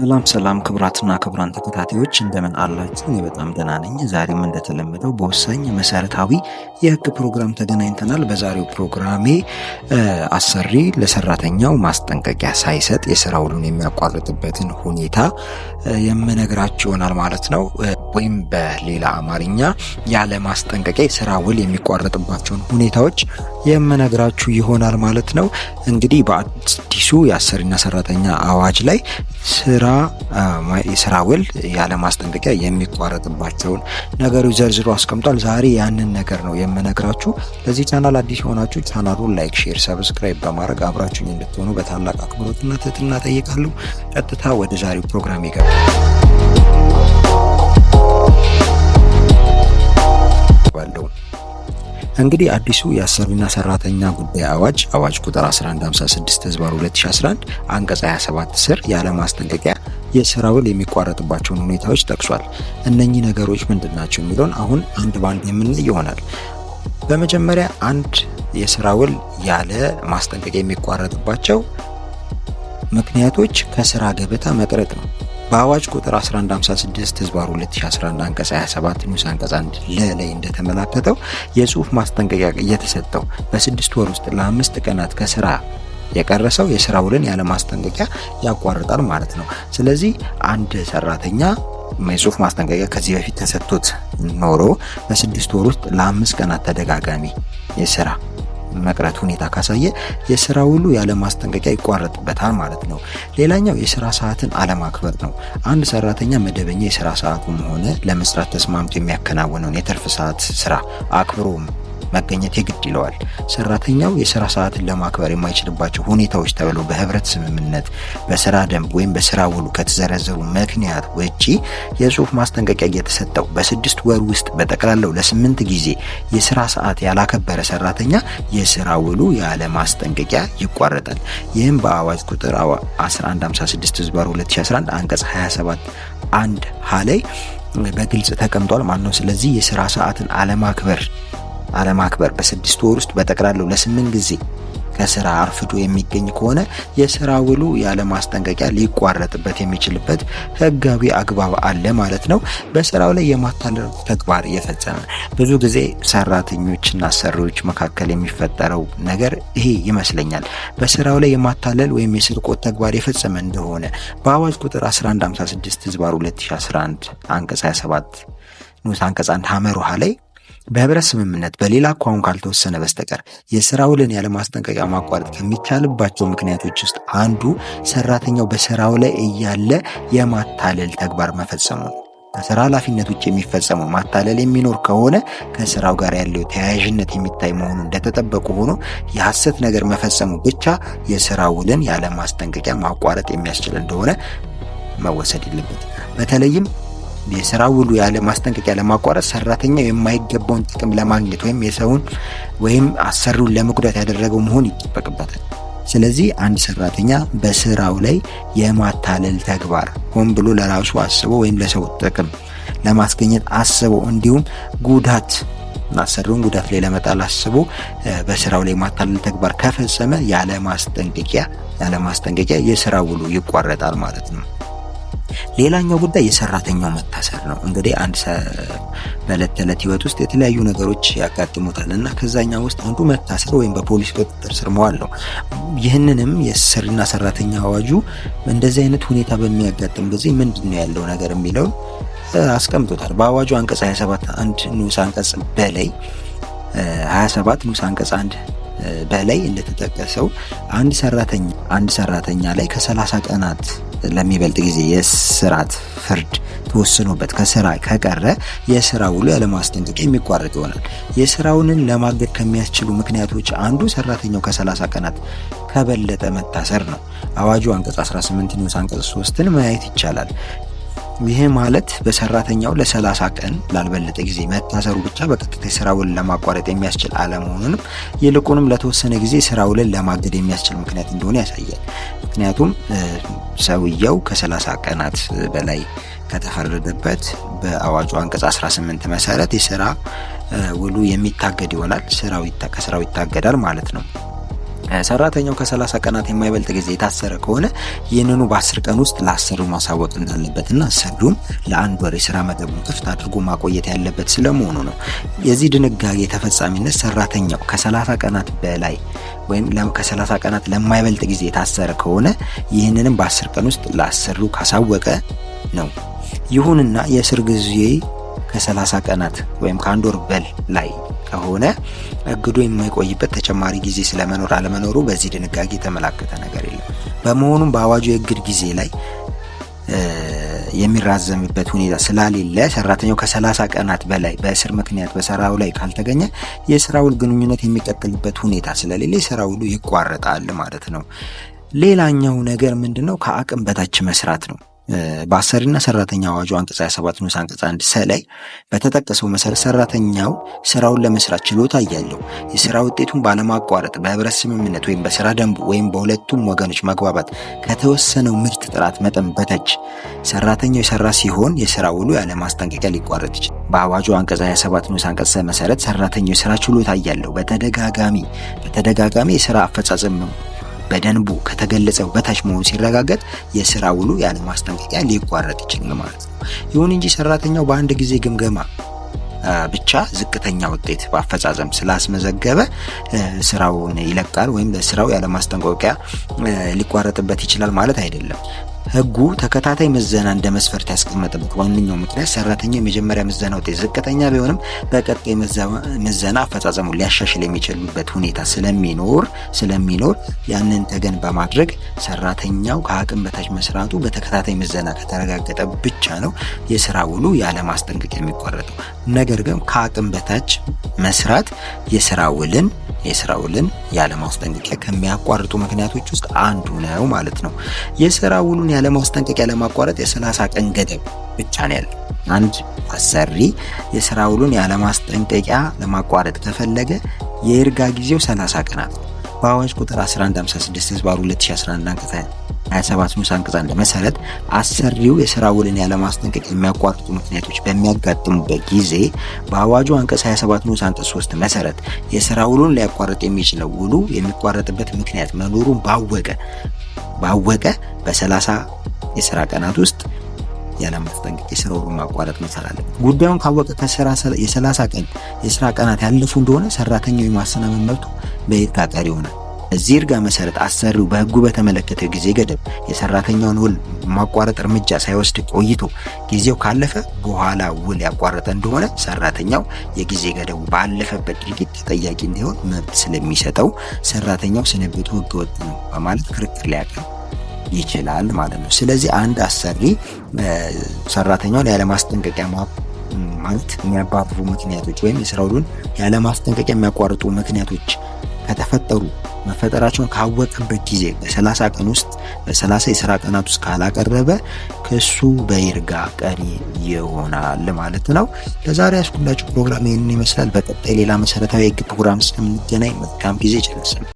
ሰላም ሰላም ክቡራትና ክቡራን ተከታታዮች እንደምን አላችሁ? እኔ በጣም ደህና ነኝ። ዛሬም እንደተለመደው በወሳኝ መሰረታዊ የህግ ፕሮግራም ተገናኝተናል። በዛሬው ፕሮግራሜ አሰሪ ለሰራተኛው ማስጠንቀቂያ ሳይሰጥ የስራ ውሉን የሚያቋርጥበትን ሁኔታ የምነግራችሁ ይሆናል ማለት ነው። ወይም በሌላ አማርኛ ያለ ማስጠንቀቂያ የስራ ውል የሚቋረጥባቸውን ሁኔታዎች የምነግራችሁ ይሆናል ማለት ነው። እንግዲህ በአዲሱ የአሰሪና ሰራተኛ አዋጅ ላይ ስራ የስራ ውል ያለ ማስጠንቀቂያ የሚቋረጥባቸውን ነገሮች ዘርዝሮ አስቀምጧል። ዛሬ ያንን ነገር ነው የምነግራችሁ። ለዚህ ቻናል አዲስ የሆናችሁ ቻናሉን ላይክ፣ ሼር፣ ሰብስክራይብ በማድረግ አብራችሁኝ እንድትሆኑ በታላቅ አክብሮትና ትህትና እጠይቃለሁ። ቀጥታ ወደ ዛሬው ፕሮግራም ይገባል። እንግዲህ አዲሱ የአሰሪና ሰራተኛ ጉዳይ አዋጅ አዋጅ ቁጥር 1156 ህዝባር 2011 አንቀጽ 27 ስር ያለ ማስጠንቀቂያ የስራ ውል የሚቋረጥባቸውን ሁኔታዎች ጠቅሷል። እነኚህ ነገሮች ምንድን ናቸው የሚለውን አሁን አንድ ባንድ የምንል ይሆናል። በመጀመሪያ አንድ የስራ ውል ያለ ማስጠንቀቂያ የሚቋረጥባቸው ምክንያቶች ከስራ ገበታ መቅረት ነው። በአዋጅ ቁጥር 1156 ህዝባር 2011 አንቀጽ 27 ንዑስ አንቀጽ 1 ለላይ እንደተመላከተው የጽሁፍ ማስጠንቀቂያ እየተሰጠው በስድስት ወር ውስጥ ለአምስት ቀናት ከስራ የቀረሰው የስራ ውልን ያለ ማስጠንቀቂያ ያቋርጣል ማለት ነው። ስለዚህ አንድ ሰራተኛ የጽሁፍ ማስጠንቀቂያ ከዚህ በፊት ተሰጥቶት ኖሮ በስድስት ወር ውስጥ ለአምስት ቀናት ተደጋጋሚ የስራ መቅረት ሁኔታ ካሳየ የስራ ውሉ ያለ ማስጠንቀቂያ ይቋረጥበታል ማለት ነው። ሌላኛው የስራ ሰዓትን አለማክበር ነው። አንድ ሰራተኛ መደበኛ የስራ ሰዓቱም ሆነ ለመስራት ተስማምቶ የሚያከናውነውን የትርፍ ሰዓት ስራ አክብሮም መገኘት የግድ ይለዋል። ሰራተኛው የስራ ሰዓትን ለማክበር የማይችልባቸው ሁኔታዎች ተብለው በህብረት ስምምነት፣ በስራ ደንብ ወይም በስራ ውሉ ከተዘረዘሩ ምክንያት ውጪ የጽሁፍ ማስጠንቀቂያ እየተሰጠው በስድስት ወር ውስጥ በጠቅላላው ለስምንት ጊዜ የስራ ሰዓት ያላከበረ ሰራተኛ የስራ ውሉ ያለ ማስጠንቀቂያ ይቋረጣል። ይህም በአዋጅ ቁጥር 1156 ዝባር 2011 አንቀጽ 27 አንድ ሀ ላይ በግልጽ ተቀምጧል ማለት ነው። ስለዚህ የስራ ሰዓትን አለማክበር አለማክበር በስድስት ወር ውስጥ በጠቅላላው ለስምንት ጊዜ ከስራ አርፍዶ የሚገኝ ከሆነ የስራ ውሉ ያለ ማስጠንቀቂያ ሊቋረጥበት የሚችልበት ህጋዊ አግባብ አለ ማለት ነው። በስራው ላይ የማታለል ተግባር እየፈጸመ ብዙ ጊዜ ሰራተኞችና ሰሪዎች መካከል የሚፈጠረው ነገር ይሄ ይመስለኛል። በስራው ላይ የማታለል ወይም የስርቆት ተግባር የፈጸመ እንደሆነ በአዋጅ ቁጥር 1156 ህዝባር 2011 አንቀጽ 27 ንዑስ አንቀጽ አንድ ሀመር ውሃ ላይ በህብረት ስምምነት በሌላ አኳኋን ካልተወሰነ በስተቀር የስራ ውልን ያለማስጠንቀቂያ ማቋረጥ ከሚቻልባቸው ምክንያቶች ውስጥ አንዱ ሰራተኛው በስራው ላይ እያለ የማታለል ተግባር መፈጸሙ ነው። ከስራ ኃላፊነት ውጭ የሚፈጸመው ማታለል የሚኖር ከሆነ ከስራው ጋር ያለው ተያያዥነት የሚታይ መሆኑ እንደተጠበቁ ሆኖ የሐሰት ነገር መፈጸሙ ብቻ የስራ ውልን ያለማስጠንቀቂያ ማቋረጥ የሚያስችል እንደሆነ መወሰድ የለበት በተለይም የስራ ውሉ ያለ ማስጠንቀቂያ ለማቋረጥ ሰራተኛው የማይገባውን ጥቅም ለማግኘት ወይም የሰውን ወይም አሰሪውን ለመጉዳት ያደረገው መሆን ይጠበቅበታል። ስለዚህ አንድ ሰራተኛ በስራው ላይ የማታለል ተግባር ሆን ብሎ ለራሱ አስቦ ወይም ለሰው ጥቅም ለማስገኘት አስቦ እንዲሁም ጉዳት አሰሪውን ጉዳት ላይ ለመጣል አስቦ በስራው ላይ የማታለል ተግባር ከፈጸመ ያለ ማስጠንቀቂያ የስራ ውሉ ይቋረጣል ማለት ነው። ሌላኛው ጉዳይ የሰራተኛው መታሰር ነው። እንግዲህ አንድ በዕለት ተዕለት ህይወት ውስጥ የተለያዩ ነገሮች ያጋጥሙታል እና ከዛኛ ውስጥ አንዱ መታሰር ወይም በፖሊስ ቁጥጥር ስር መዋል ነው። ይህንንም የስርና ሰራተኛ አዋጁ እንደዚህ አይነት ሁኔታ በሚያጋጥም ጊዜ ምንድን ነው ያለው ነገር የሚለውን አስቀምጦታል። በአዋጁ አንቀጽ 27 አንድ ንዑስ አንቀጽ በላይ 27 ንዑስ አንቀጽ አንድ በላይ እንደተጠቀሰው አንድ ሰራተኛ አንድ ሰራተኛ ላይ ከ30 ቀናት ለሚበልጥ ጊዜ የስራት ፍርድ ተወስኖበት ከስራ ከቀረ የስራ ውሎ ያለማስጠንቀቂያ የሚቋረጥ ይሆናል። የስራውንን ለማገድ ከሚያስችሉ ምክንያቶች አንዱ ሰራተኛው ከ30 ቀናት ከበለጠ መታሰር ነው። አዋጁ አንቀጽ 18 ንዑስ አንቀጽ 3ን ማየት ይቻላል። ይሄ ማለት በሰራተኛው ለሰላሳ ቀን ላልበለጠ ጊዜ መታሰሩ ብቻ በቀጥታ የስራ ውልን ለማቋረጥ የሚያስችል አለመሆኑንም ይልቁንም ለተወሰነ ጊዜ ስራ ውልን ለማገድ የሚያስችል ምክንያት እንደሆነ ያሳያል። ምክንያቱም ሰውየው ከሰላሳ ቀናት በላይ ከተፈረደበት በአዋጁ አንቀጽ 18 መሰረት የስራ ውሉ የሚታገድ ይሆናል። ስራው ከስራው ይታገዳል ማለት ነው። ሰራተኛው ከሰላሳ ቀናት የማይበልጥ ጊዜ የታሰረ ከሆነ ይህንኑ በአስር ቀን ውስጥ ለአሰሩ ማሳወቅ እንዳለበትና አሰሪውም ለአንድ ወር የስራ መደቡን ክፍት አድርጎ ማቆየት ያለበት ስለመሆኑ ነው። የዚህ ድንጋጌ ተፈጻሚነት ሰራተኛው ከ30 ቀናት በላይ ወይም ከ30 ቀናት ለማይበልጥ ጊዜ የታሰረ ከሆነ ይህንንም በ10 ቀን ውስጥ ለአሰሪው ካሳወቀ ነው። ይሁንና የእስር ጊዜ ከ30 ቀናት ወይም ከአንድ ወር ላይ ከሆነ እግዱ የማይቆይበት ተጨማሪ ጊዜ ስለመኖር አለመኖሩ በዚህ ድንጋጌ የተመላከተ ነገር የለም። በመሆኑም በአዋጁ የእግድ ጊዜ ላይ የሚራዘምበት ሁኔታ ስላሌለ ሰራተኛው ከሰላሳ ቀናት በላይ በእስር ምክንያት በስራው ላይ ካልተገኘ የስራ ውል ግንኙነት የሚቀጥልበት ሁኔታ ስለሌለ የስራ ውሉ ይቋረጣል ማለት ነው። ሌላኛው ነገር ምንድነው ከአቅም በታች መስራት ነው። በአሰሪና ሰራተኛ አዋጁ አንቀጽ 27 ንዑስ አንቀጽ 1 ሰ ላይ በተጠቀሰው መሰረት ሰራተኛው ስራውን ለመስራት ችሎታ እያለው የስራ ውጤቱን ባለማቋረጥ በህብረት ስምምነት ወይም በስራ ደንብ ወይም በሁለቱም ወገኖች መግባባት ከተወሰነው ምርት ጥራት መጠን በታች ሰራተኛው የሰራ ሲሆን የስራ ውሉ ያለ ማስጠንቀቂያ ሊቋረጥ ይችላል። በአዋጁ አንቀጽ 27 ንዑስ አንቀጽ ሰ መሰረት ሰራተኛው የስራ ችሎታ እያለው በተደጋጋሚ በተደጋጋሚ የስራ አፈጻጸም በደንቡ ከተገለጸው በታች መሆኑ ሲረጋገጥ የስራ ውሉ ያለ ማስጠንቀቂያ ሊቋረጥ ይችላል ማለት ነው። ይሁን እንጂ ሰራተኛው በአንድ ጊዜ ግምገማ ብቻ ዝቅተኛ ውጤት በአፈጻጸም ስላስመዘገበ ስራውን ይለቃል ወይም ስራው ማስጠንቀቂያ ሊቋረጥበት ይችላል ማለት አይደለም። ህጉ ተከታታይ ምዘና እንደ መስፈርት ያስቀመጠበት ዋነኛው ምክንያት ሰራተኛው የመጀመሪያ ምዘና ውጤት ዝቅተኛ ቢሆንም በቀጣይ ምዘና አፈጻጸሙ ሊያሻሽል የሚችልበት ሁኔታ ስለሚኖር ስለሚኖር ያንን ተገን በማድረግ ሰራተኛው ከአቅም በታች መስራቱ በተከታታይ ምዘና ከተረጋገጠ ብቻ ነው የስራ ውሉ ያለ ማስጠንቀቂያ የሚቋረጠው። ነገር ግን ከአቅም በታች መስራት የስራ ውልን የስራ ውልን ያለማስጠንቀቂያ ከሚያቋርጡ ምክንያቶች ውስጥ አንዱ ነው ማለት ነው። የስራ ውሉን ያለማስጠንቀቂያ ለማቋረጥ የሰላሳ ቀን ገደብ ብቻ ነው ያለ። አንድ አሰሪ የስራ ውሉን ያለማስጠንቀቂያ ለማቋረጥ ከፈለገ የይርጋ ጊዜው ሰላሳ ቀናት በአዋጅ ቁጥር 1156 ህዝባሩ 2011 አንቀጽ 27 ንዑስ አንቀጽ አንድ መሰረት አሰሪው የስራ ውልን ያለማስጠንቀቅ የሚያቋርጡ ምክንያቶች በሚያጋጥሙበት ጊዜ በአዋጁ አንቀጽ 27 ንዑስ አንቀጽ 3 መሰረት የስራ ውሉን ሊያቋርጥ የሚችለው ውሉ የሚቋረጥበት ምክንያት መኖሩን ባወቀ ባወቀ በ30 የስራ ቀናት ውስጥ ያለማስጠንቀቅ የስራ ውሉን ማቋረጥ መቻል አለበት። ጉዳዩን ካወቀ ከስራ የ30 ቀን የስራ ቀናት ያለፉ እንደሆነ ሰራተኛው የማሰናመን መብቱ በሕግ ታጣሪ ይሆናል። እዚህ እርጋ መሰረት አሰሪው በህጉ በተመለከተ ጊዜ ገደብ የሰራተኛውን ውል ማቋረጥ እርምጃ ሳይወስድ ቆይቶ ጊዜው ካለፈ በኋላ ውል ያቋረጠ እንደሆነ ሰራተኛው የጊዜ ገደቡ ባለፈበት ድርጊት ተጠያቂ እንዲሆን መብት ስለሚሰጠው ሰራተኛው ስንብቱ ሕገወጥ ነው በማለት ክርክር ሊያቀርብ ይችላል ማለት ነው። ስለዚህ አንድ አሰሪ ሰራተኛውን ያለማስጠንቀቂያ ማለት የሚያባርሩ ምክንያቶች ወይም የስራ ውሉን ያለማስጠንቀቂያ የሚያቋርጡ ምክንያቶች ከተፈጠሩ መፈጠራቸውን ካወቀበት ጊዜ በሰላሳ ቀን ውስጥ በሰላሳ የስራ ቀናት ውስጥ ካላቀረበ ክሱ በይርጋ ቀሪ ይሆናል ማለት ነው። ለዛሬ ያስኩላችሁ ፕሮግራም ይህንን ይመስላል። በቀጣይ ሌላ መሰረታዊ የህግ ፕሮግራም እስከምንገናኝ መልካም ጊዜ ጨረስን።